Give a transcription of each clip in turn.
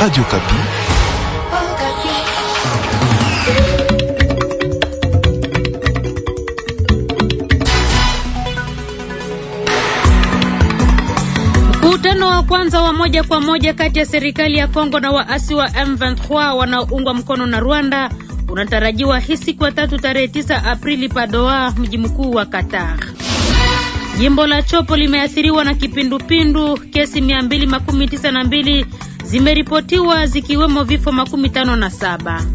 Radio Kapi. Mkutano wa kwanza wa moja kwa moja kati ya serikali ya Kongo na waasi wa M23 wanaoungwa mkono na Rwanda unatarajiwa hii siku ya tatu tarehe 9 Aprili Padoa, mji mkuu wa Qatar. Jimbo la Chopo limeathiriwa na kipindupindu. Kesi 292 zimeripotiwa zikiwemo vifo makumi tano na saba.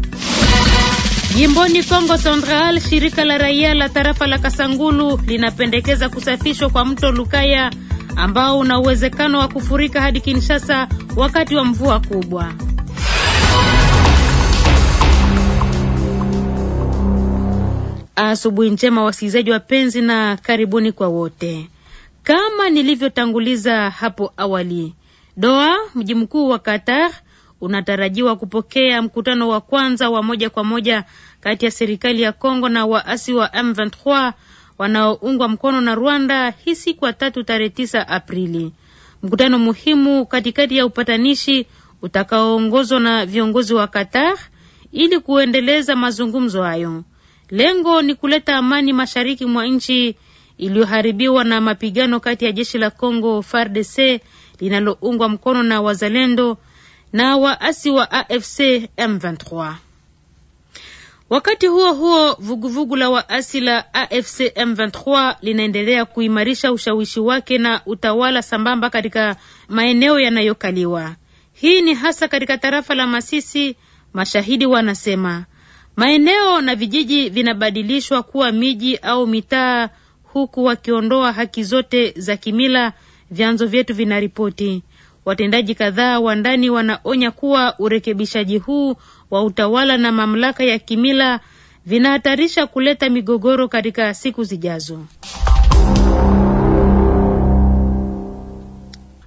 Jimboni Kongo Central, shirika la raia la tarafa la Kasangulu linapendekeza kusafishwa kwa mto Lukaya ambao una uwezekano wa kufurika hadi Kinshasa wakati wa mvua kubwa. Asubuhi njema wasikilizaji wapenzi, na karibuni kwa wote. Kama nilivyotanguliza hapo awali, Doha, mji mkuu wa Qatar, unatarajiwa kupokea mkutano wa kwanza wa moja kwa moja kati ya serikali ya Kongo na waasi wa M23 wanaoungwa mkono na Rwanda hii siku ya tatu tarehe tisa Aprili, mkutano muhimu katikati ya upatanishi utakaoongozwa na viongozi wa Qatar ili kuendeleza mazungumzo hayo. Lengo ni kuleta amani mashariki mwa nchi iliyoharibiwa na mapigano kati ya jeshi la Kongo FARDC linaloungwa mkono na wazalendo na waasi wa AFC M23. Wakati huo huo, vuguvugu vugu la waasi la AFC M23 linaendelea kuimarisha ushawishi wake na utawala sambamba katika maeneo yanayokaliwa. Hii ni hasa katika tarafa la Masisi, mashahidi wanasema. Maeneo na vijiji vinabadilishwa kuwa miji au mitaa huku wakiondoa haki zote za kimila vyanzo vyetu vinaripoti. Watendaji kadhaa wa ndani wanaonya kuwa urekebishaji huu wa utawala na mamlaka ya kimila vinahatarisha kuleta migogoro katika siku zijazo.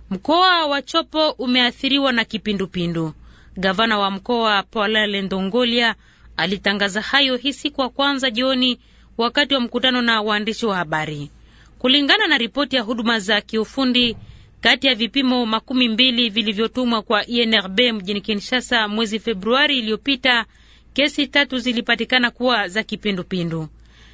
Mkoa wa Chopo umeathiriwa na kipindupindu. Gavana wa mkoa Paulale Ndongolia alitangaza hayo hii siku ya kwanza jioni wakati wa mkutano na waandishi wa habari. Kulingana na ripoti ya huduma za kiufundi, kati ya vipimo makumi mbili vilivyotumwa kwa INRB mjini Kinshasa mwezi Februari iliyopita, kesi tatu zilipatikana kuwa za kipindupindu.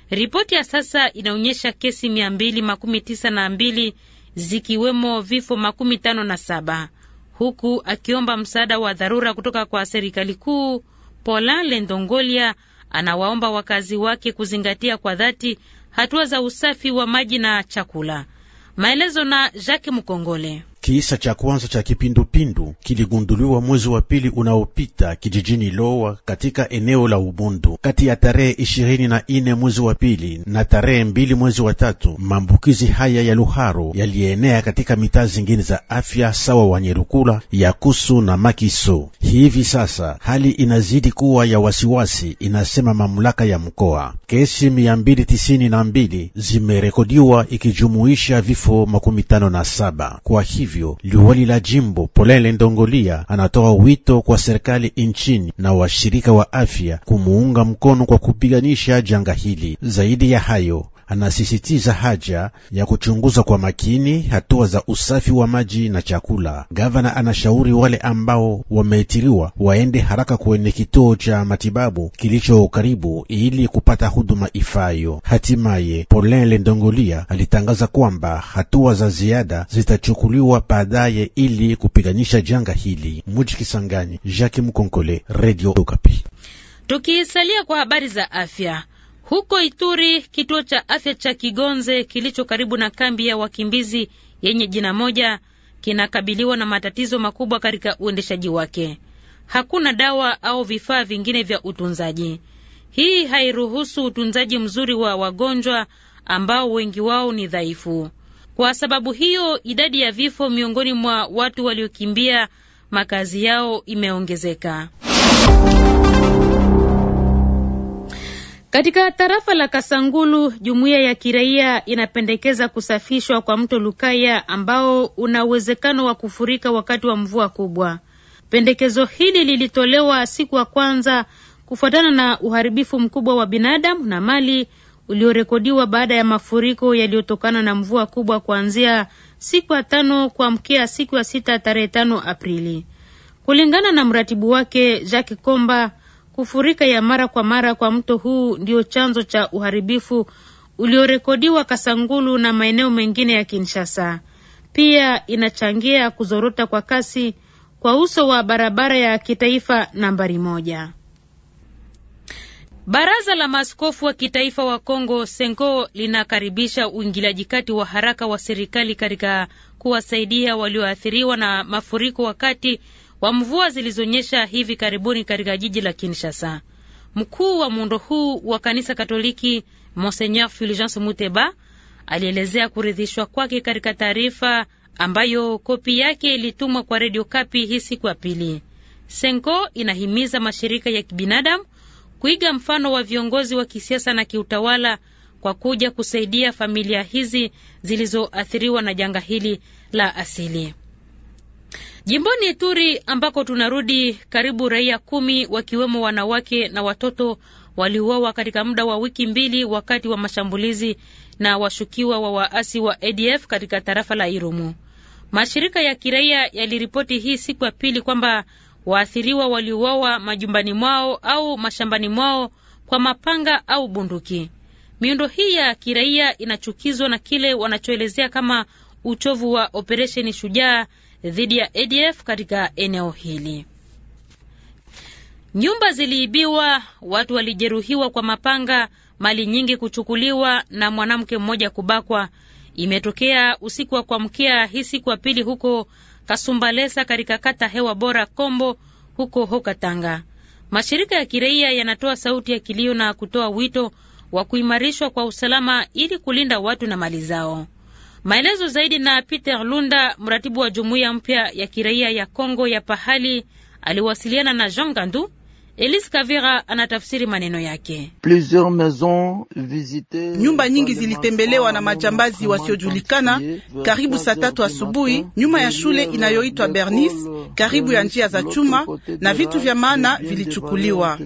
Ripoti ya sasa inaonyesha kesi mia mbili makumi tisa na mbili zikiwemo vifo makumi tano na saba huku akiomba msaada wa dharura kutoka kwa serikali kuu. Paulin Lendongolia anawaomba wakazi wake kuzingatia kwa dhati hatua za usafi wa maji na chakula. Maelezo na Jacques Mukongole. Kisa cha kwanza cha kipindupindu kiligunduliwa mwezi wa pili unaopita kijijini Lowa katika eneo la Ubundu. Kati ya tarehe ishirini na ine mwezi wa pili na tarehe mbili mwezi wa tatu, maambukizi haya ya Luharo yalienea katika mitaa zingine za afya sawa Wanyerukula, Yakusu na Makiso. Hivi sasa hali inazidi kuwa ya wasiwasi, inasema mamlaka ya mkoa. Kesi mia mbili tisini na mbili zimerekodiwa ikijumuisha vifo makumi tano na saba. Kwa hivi hivyo, liwali la jimbo Polele Ndongolia anatoa wito kwa serikali nchini na washirika wa afya kumuunga mkono kwa kupiganisha janga hili. Zaidi ya hayo anasisitiza haja ya kuchunguza kwa makini hatua za usafi wa maji na chakula. Gavana anashauri wale ambao wameitiriwa waende haraka kwenye kituo cha matibabu kilicho karibu ili kupata huduma ifayo. Hatimaye, Polin Lendongolia alitangaza kwamba hatua za ziada zitachukuliwa baadaye ili kupiganisha janga hili. Muji Kisangani, Jacques Mkonkole, Radio Okapi. Tukisalia kwa habari za afya, huko Ituri, kituo cha afya cha Kigonze kilicho karibu na kambi ya wakimbizi yenye jina moja kinakabiliwa na matatizo makubwa katika uendeshaji wake. Hakuna dawa au vifaa vingine vya utunzaji. Hii hairuhusu utunzaji mzuri wa wagonjwa ambao wengi wao ni dhaifu. Kwa sababu hiyo, idadi ya vifo miongoni mwa watu waliokimbia makazi yao imeongezeka. Katika tarafa la Kasangulu, jumuiya ya kiraia inapendekeza kusafishwa kwa mto Lukaya ambao una uwezekano wa kufurika wakati wa mvua kubwa. Pendekezo hili lilitolewa siku ya kwanza kufuatana na uharibifu mkubwa wa binadamu na mali uliorekodiwa baada ya mafuriko yaliyotokana na mvua kubwa kuanzia siku ya tano kuamkia siku ya sita tarehe tano Aprili, kulingana na mratibu wake Jacques Komba. Kufurika ya mara kwa mara kwa mto huu ndio chanzo cha uharibifu uliorekodiwa Kasangulu na maeneo mengine ya Kinshasa. Pia inachangia kuzorota kwa kasi kwa uso wa barabara ya kitaifa nambari moja. Baraza la maaskofu wa kitaifa wa Kongo Senko linakaribisha uingiliaji kati wa haraka wa serikali katika kuwasaidia walioathiriwa na mafuriko wakati wa mvua zilizonyesha hivi karibuni katika jiji la Kinshasa. Mkuu wa muundo huu wa kanisa Katoliki Monseigneur Fulgence Muteba alielezea kuridhishwa kwake katika taarifa ambayo kopi yake ilitumwa kwa redio Kapi hii siku ya pili. Senko inahimiza mashirika ya kibinadamu kuiga mfano wa viongozi wa kisiasa na kiutawala kwa kuja kusaidia familia hizi zilizoathiriwa na janga hili la asili. Jimboni Ituri ambako tunarudi, karibu raia kumi wakiwemo wanawake na watoto waliuawa katika muda wa wiki mbili wakati wa mashambulizi na washukiwa wa waasi wa ADF katika tarafa la Irumu. Mashirika ya kiraia yaliripoti hii siku ya pili kwamba waathiriwa waliuawa majumbani mwao au mashambani mwao kwa mapanga au bunduki. Miundo hii ya kiraia inachukizwa na kile wanachoelezea kama uchovu wa operesheni Shujaa dhidi ya ADF katika eneo hili. Nyumba ziliibiwa, watu walijeruhiwa kwa mapanga, mali nyingi kuchukuliwa na mwanamke mmoja kubakwa. Imetokea usiku wa kuamkia hii siku ya pili huko Kasumbalesa katika kata Hewa Bora Kombo huko hokatanga Mashirika ya kiraia yanatoa sauti ya kilio na kutoa wito wa kuimarishwa kwa usalama ili kulinda watu na mali zao. Maelezo zaidi na Peter Lunda, mratibu wa jumuiya mpya ya kiraia ya Kongo ya pahali, aliwasiliana na Jean Gandu Elise Kavira anatafsiri maneno yake. Nyumba nyingi zilitembelewa na majambazi wasiojulikana karibu saa tatu asubuhi nyuma ya shule inayoitwa Bernice karibu ya njia za chuma, na vitu vya maana vilichukuliwa.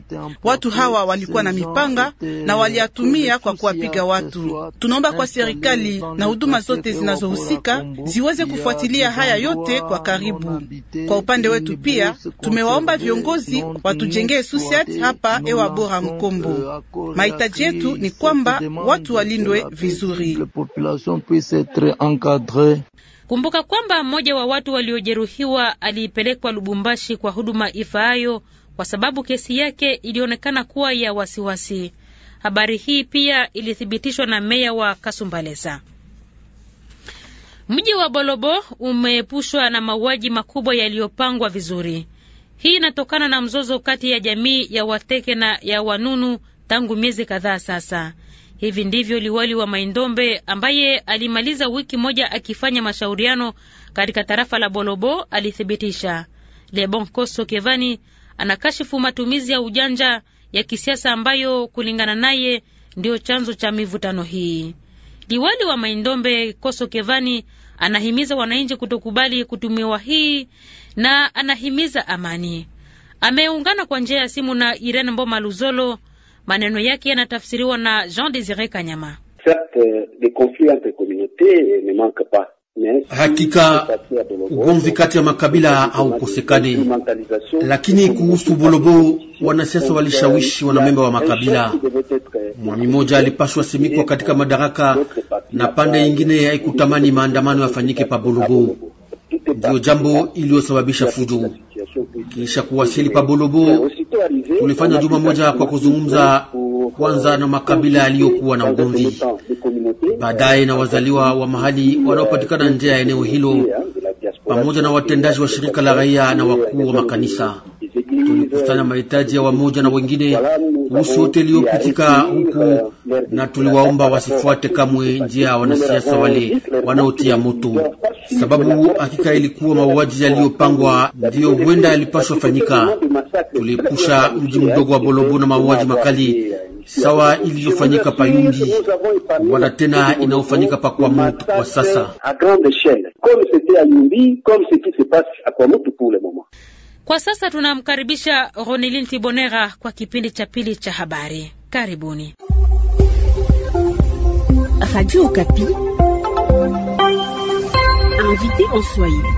Watu hawa walikuwa na mipanga na waliatumia kwa kuwapiga watu. Tunaomba kwa serikali na huduma zote zinazohusika ziweze kufuatilia haya yote kwa karibu. Kwa upande wetu pia tumewaomba viongozi watujenge Mie Susiat hapa ewa bora mkombo. Mahitaji yetu ni kwamba watu walindwe vizuri. Kumbuka kwamba mmoja wa watu waliojeruhiwa aliipelekwa Lubumbashi kwa huduma ifaayo kwa sababu kesi yake ilionekana kuwa ya wasiwasi. Habari hii pia ilithibitishwa na meya wa Kasumbalesa. Mji wa Bolobo umeepushwa na mauaji makubwa yaliyopangwa vizuri. Hii inatokana na mzozo kati ya jamii ya Wateke na ya Wanunu tangu miezi kadhaa sasa. Hivi ndivyo liwali wa Maindombe ambaye alimaliza wiki moja akifanya mashauriano katika tarafa la Bolobo alithibitisha. Lebon Koso Kevani anakashifu matumizi ya ujanja ya kisiasa ambayo kulingana naye ndiyo chanzo cha mivutano hii. Liwali wa Maindombe Koso Kevani Anahimiza wananchi kutokubali kutumiwa hii na anahimiza amani. Ameungana kwa njia ya simu na Irene Mboma Luzolo. Maneno yake yanatafsiriwa na Jean Desire Kanyama. Hakika ugomvi kati ya makabila haukosekani, lakini kuhusu Bolobo wanasiasa walishawishi wanamemba wa makabila. Mwami moja alipashwa simikwa katika madaraka na pande ingine haikutamani maandamano yafanyike pa Bolobo, ndio jambo iliyosababisha fujo. Kisha kuwasili pa Bolobo, tulifanya juma moja kwa kuzungumza kwanza na makabila yaliyokuwa na ugomvi, baadaye na wazaliwa wa mahali wanaopatikana nje ya eneo hilo, pamoja na watendaji wa shirika la raia na wakuu wa makanisa. Tulikusanya mahitaji ya wamoja na wengine kuhusu iliyopikika huku, na tuliwaomba wasifuate kamwe njia ya wanasiasa wale wanaotia moto, sababu hakika ilikuwa mauaji yaliyopangwa ndiyo huenda yalipaswa fanyika. Tuliepusha mji mdogo wa Bolobo na mauaji makali sawa iliyofanyika pa wala tena inayofanyika pa mtu kwa sasa. Kwa sasa tunamkaribisha Ronelin Tibonera kwa kipindi cha pili cha habari. Karibuni Radio Okapi, invité en Swahili.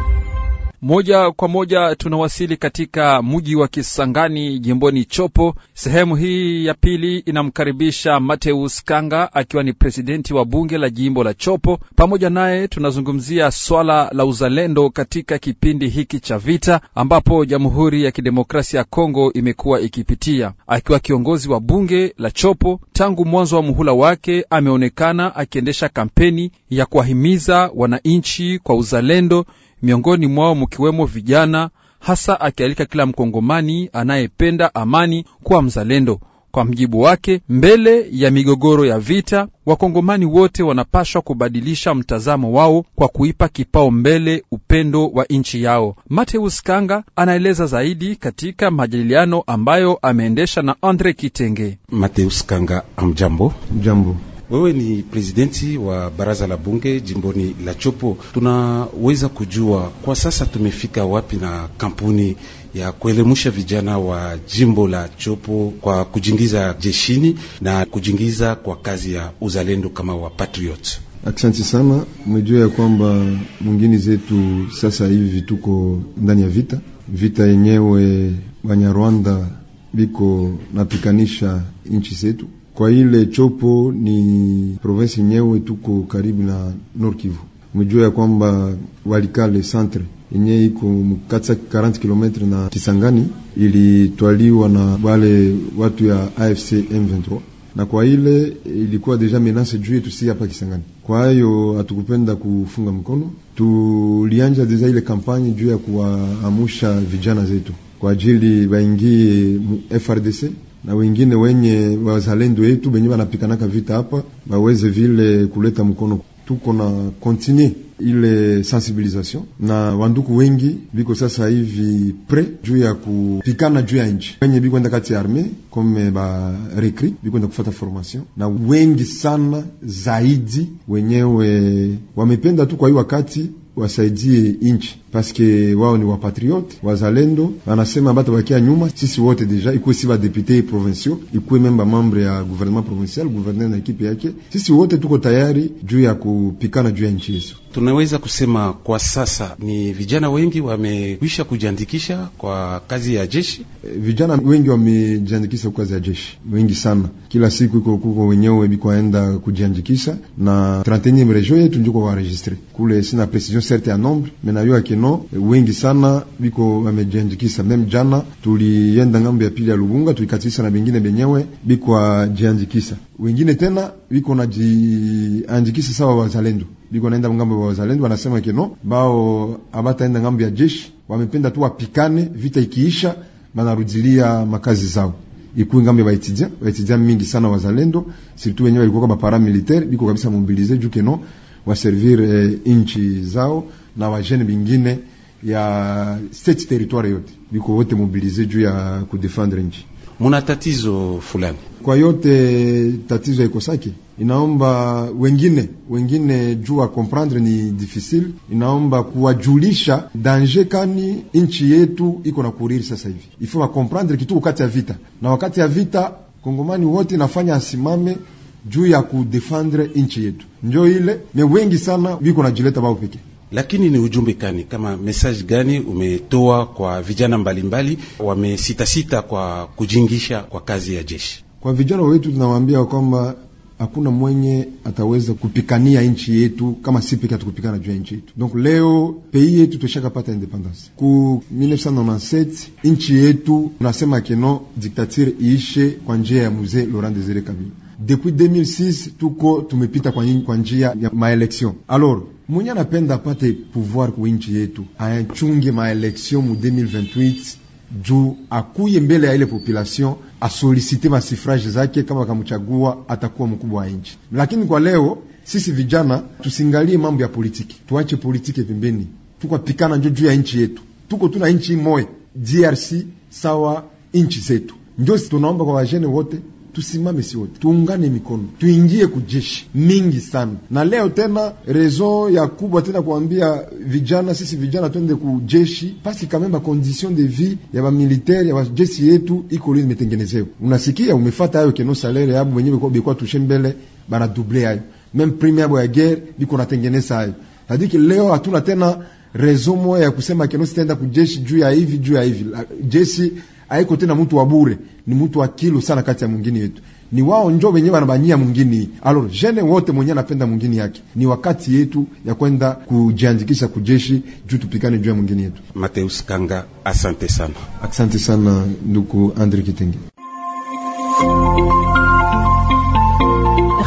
Moja kwa moja tunawasili katika mji wa Kisangani, jimboni Chopo. Sehemu hii ya pili inamkaribisha Mateus Kanga akiwa ni presidenti wa bunge la jimbo la Chopo. Pamoja naye tunazungumzia swala la uzalendo katika kipindi hiki cha vita ambapo Jamhuri ya Kidemokrasia ya Kongo imekuwa ikipitia. Akiwa kiongozi wa bunge la Chopo tangu mwanzo wa muhula wake, ameonekana akiendesha kampeni ya kuwahimiza wananchi kwa uzalendo miongoni mwao mkiwemo vijana, hasa akialika kila mkongomani anayependa amani kuwa mzalendo. Kwa mjibu wake, mbele ya migogoro ya vita, wakongomani wote wanapashwa kubadilisha mtazamo wao kwa kuipa kipao mbele upendo wa nchi yao. Mateus Kanga anaeleza zaidi katika majadiliano ambayo ameendesha na Andre Kitenge. Mateus Kanga, amjambo. Jambo. Wewe ni presidenti wa baraza la bunge jimboni la Chopo, tunaweza kujua kwa sasa tumefika wapi na kampuni ya kuelemusha vijana wa jimbo la Chopo kwa kujingiza jeshini na kujingiza kwa kazi ya uzalendo kama wa patriot? Aksanti sana. Umejua ya kwamba mwingine zetu sasa hivi tuko ndani ya vita, vita yenyewe Banyarwanda biko napikanisha nchi zetu kwa ile chopo ni provinsi nyewe, tuko karibu na Nord Kivu. Mjua ya kwamba Walikale centre yenye iko 40 km na Kisangani ilitwaliwa na wale watu ya AFC M23 na kwa ile ilikuwa deja menace juu yetu si hapa Kisangani. Kwa hiyo hatukupenda kufunga mkono, tulianja deja ile kampanye juu ya kuwaamusha vijana zetu kwa ajili baingie FRDC na wengine wenye wazalendo wetu benye banapikanaka vita hapa baweze vile kuleta mkono. Tuko na continue ile sensibilisation na wanduku wengi biko sasa hivi pre juu ya kupikana juu ya nchi, wenye bikwenda kati ya arme kome ba biko bikwenda kufata formation, na wengi sana zaidi wenyewe wamependa tu kwa wakati wasaidie inchi paske wao ni wapatriote wazalendo, wanasema bata bakia nyuma. Sisi wote deja ikuwe si badepute provinciaux, ikuwe memba mambre ya gouvernement provincial, gouverneur na ekipe yake, sisi wote tuko tayari juu ya kupikana juu ya nchi yetu. Tunaweza kusema kwa sasa ni vijana wengi wamekwisha kujiandikisha kwa kazi ya jeshi. Eh, vijana wengi wamejiandikisha kwa kazi ya jeshi, wengi sana. Kila siku iko kuko wenyewe bikoenda kujiandikisha na 31 region yetu ndiko registre kule. Sina precision certe ya nombre menayoake Torino wengi sana viko wamejiandikisha. Meme jana tulienda ngambo ya pili ya Lubunga, tulikatisha na bengine benyewe biko wajiandikisha. wengine tena biko najiandikisa sawa wazalendo, biko naenda ngambo ya wazalendo, wanasema keno bao abataenda ngambo ya jeshi, wamependa tu wapikane, vita ikiisha banarudilia makazi zao ikuwe ngambo ya baitidia baitidia mingi sana wazalendo surtout wenyewe walikuwa kwa paramilitaire biko kabisa mobiliser juu keno waservir eh, inchi zao na wajene mingine ya state territoire yote biko wote mobilize juu ya kudefendre nchi. Muna tatizo fulani kwa yote, tatizo ikosaki inaomba wengine wengine juu comprendre ni difficile, inaomba kuwajulisha danger kani nchi yetu iko na kuriri sasa hivi. Ifo comprendre kitu wakati ya vita na wakati ya vita Kongomani wote nafanya asimame juu ya kudefendre nchi yetu, njo ile me wengi sana biko najileta bao pekee lakini ni ujumbe gani kama message gani umetoa kwa vijana mbalimbali wamesitasita kwa kujingisha kwa kazi ya jeshi? Kwa vijana wetu tunawaambia kwamba hakuna mwenye ataweza kupikania nchi yetu kama si peke atakupikana juu ya nchi yetu. Donc leo pei yetu tushakapata independence ku 1997 nchi yetu tunasema keno diktature iishe kwa njia ya mzee Laurent Desire Kabila. Depuis 2006 tuko tumepita kwa njia ya maelection alors mwenye anapenda apate pouvoir ku nchi yetu ayachunge maeleksio mu 2028 juu akuye mbele ya ile population asolisite masifraje zake, kama akamchagua atakuwa mkubwa wa nchi. Lakini kwa leo sisi vijana tusingalie mambo ya politiki, tuache politiki pembeni, tukapikana njo juu ya nchi yetu. Tuko tuna nchi moya DRC sawa nchi zetu, njo tunaomba kwa wajene wote tusimame, si wote tuungane mikono, tuingie kujeshi mingi sana. Na leo tena rezo ya kubwa tena kuambia vijana, sisi vijana twende kujeshi, pasi kamemba condition de vie ya bamiliteri ya bajeshi yetu iko lini metengenezewa. Unasikia umefata hayo keno salere yabo wenyewe kwa bikuwa tushe mbele bana double hayo, même prime yabo ya guerre biko natengeneza hayo, hadiki leo hatuna tena resumo ya kusema kenosi taenda kujeshi juu ya hivi juu ya hivi. Jeshi haiko tena mtu wa bure, ni mtu wa kilo sana kati ya mwingine yetu ni wao njo wenyewe wanabanyia mwingine. Alors jene wote mwenye anapenda mwingine yake, ni wakati yetu ya kwenda kujiandikisha kujeshi juu tupikane juu ya mwingine yetu. Mateus Kanga, asante sana, asante sana nduku Andre Kitenge,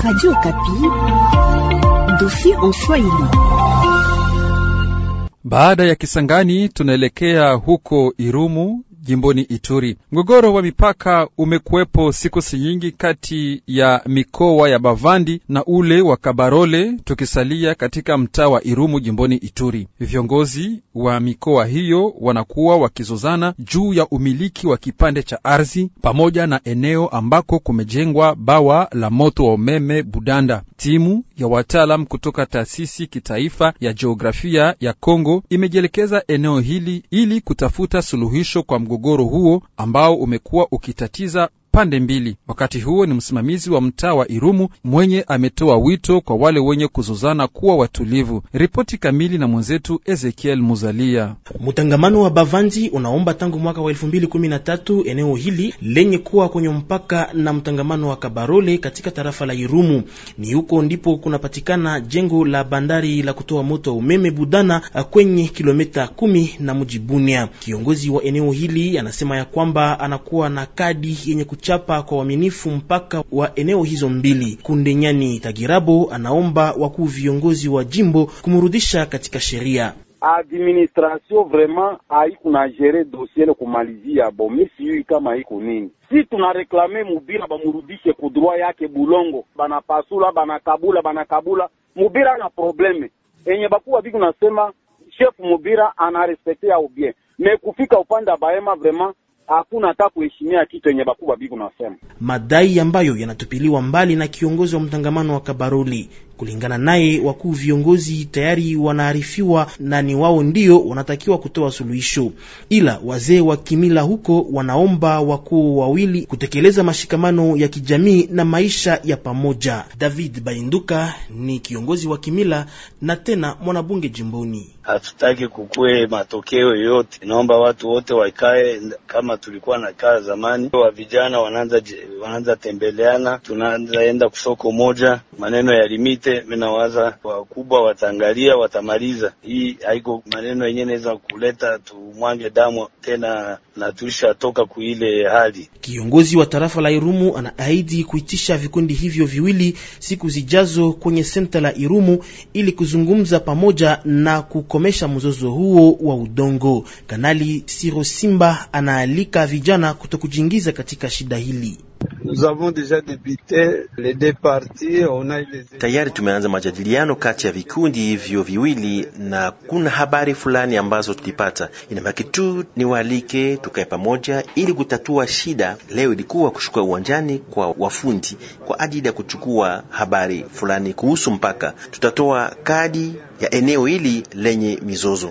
Radio Kapi, dossier en Swahili. Baada ya Kisangani tunaelekea huko Irumu jimboni Ituri. Mgogoro wa mipaka umekuwepo siku si nyingi kati ya mikoa ya Bavandi na ule wa Kabarole, tukisalia katika mtaa wa Irumu jimboni Ituri. Viongozi wa mikoa hiyo wanakuwa wakizozana juu ya umiliki wa kipande cha ardhi pamoja na eneo ambako kumejengwa bawa la moto wa umeme Budanda. Timu ya wataalam kutoka taasisi kitaifa ya jiografia ya Kongo imejielekeza eneo hili ili kutafuta suluhisho kwa mgogoro huo ambao umekuwa ukitatiza pande mbili. Wakati huo ni msimamizi wa mtaa wa Irumu mwenye ametoa wito kwa wale wenye kuzozana kuwa watulivu. Ripoti kamili na mwenzetu Ezekiel Muzalia. Mtangamano wa Bavanzi unaomba tangu mwaka wa tatu eneo hili lenye kuwa kwenye mpaka na mtangamano wa Kabarole katika tarafa la Irumu, ni huko ndipo kunapatikana jengo la bandari la kutoa moto wa umeme Budana kwenye kilomita kumi na mji Bunia. Kiongozi wa eneo hili anasema ya kwamba anakuwa na kadi yenye kuchapa kwa uaminifu mpaka wa eneo hizo mbili. Kundenyani Tagirabo anaomba wakuu viongozi wa jimbo kumrudisha katika sheria. Administration vraiment haiku na jere dossier le kumalizia bo yui kama haiku nini, si tunareklame Mubira bamurudishe kudroit yake Bulongo, banapasula banakabula banakabula Mubira na probleme enye bakuwa biku nasema chef Mubira anarespekte yao bien me kufika upande wa Bahema vraiment hakuna hata kuheshimia kitu yenye bakubwa biku nasema, madai ambayo yanatupiliwa mbali na kiongozi wa mtangamano wa Kabaruli Kulingana naye, wakuu viongozi tayari wanaarifiwa na ni wao ndio wanatakiwa kutoa suluhisho, ila wazee wa kimila huko wanaomba wakuu wawili kutekeleza mashikamano ya kijamii na maisha ya pamoja. David Bainduka ni kiongozi wa kimila na tena mwanabunge jimboni. Hatutaki kukue matokeo yoyote, naomba watu wote waikae kama tulikuwa na kaa zamani. Wa vijana wanaanza tembeleana, tunaanzaenda kusoko moja, maneno ya limiti yote, minawaza wakubwa wataangalia, watamaliza. Hii haiko maneno yenyewe naweza kuleta tumwange damu tena, na toka kuile hali. Kiongozi wa tarafa la Irumu anaahidi kuitisha vikundi hivyo viwili siku zijazo kwenye senta la Irumu ili kuzungumza pamoja na kukomesha mzozo huo wa udongo. Kanali Siro Simba anaalika vijana kutokujiingiza katika shida hili. Tayari tumeanza majadiliano kati ya vikundi hivyo viwili na kuna habari fulani ambazo tulipata. Inabaki tu niwaalike tukae pamoja ili kutatua shida. Leo ilikuwa kushuka uwanjani kwa wafundi kwa ajili ya kuchukua habari fulani kuhusu mpaka. Tutatoa kadi ya eneo hili lenye mizozo.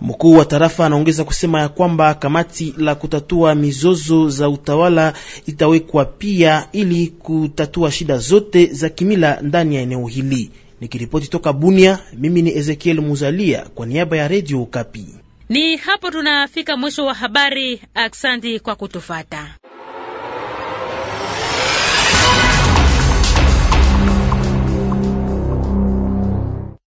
Mkuu wa tarafa anaongeza kusema ya kwamba kamati la kutatua mizozo za utawala itawekwa pia ili kutatua shida zote za kimila ndani ya eneo hili. Nikiripoti toka Bunia, mimi ni Ezekiel Muzalia kwa niaba ya redio kapi Ni hapo tunafika mwisho wa habari. Aksanti kwa kutufata.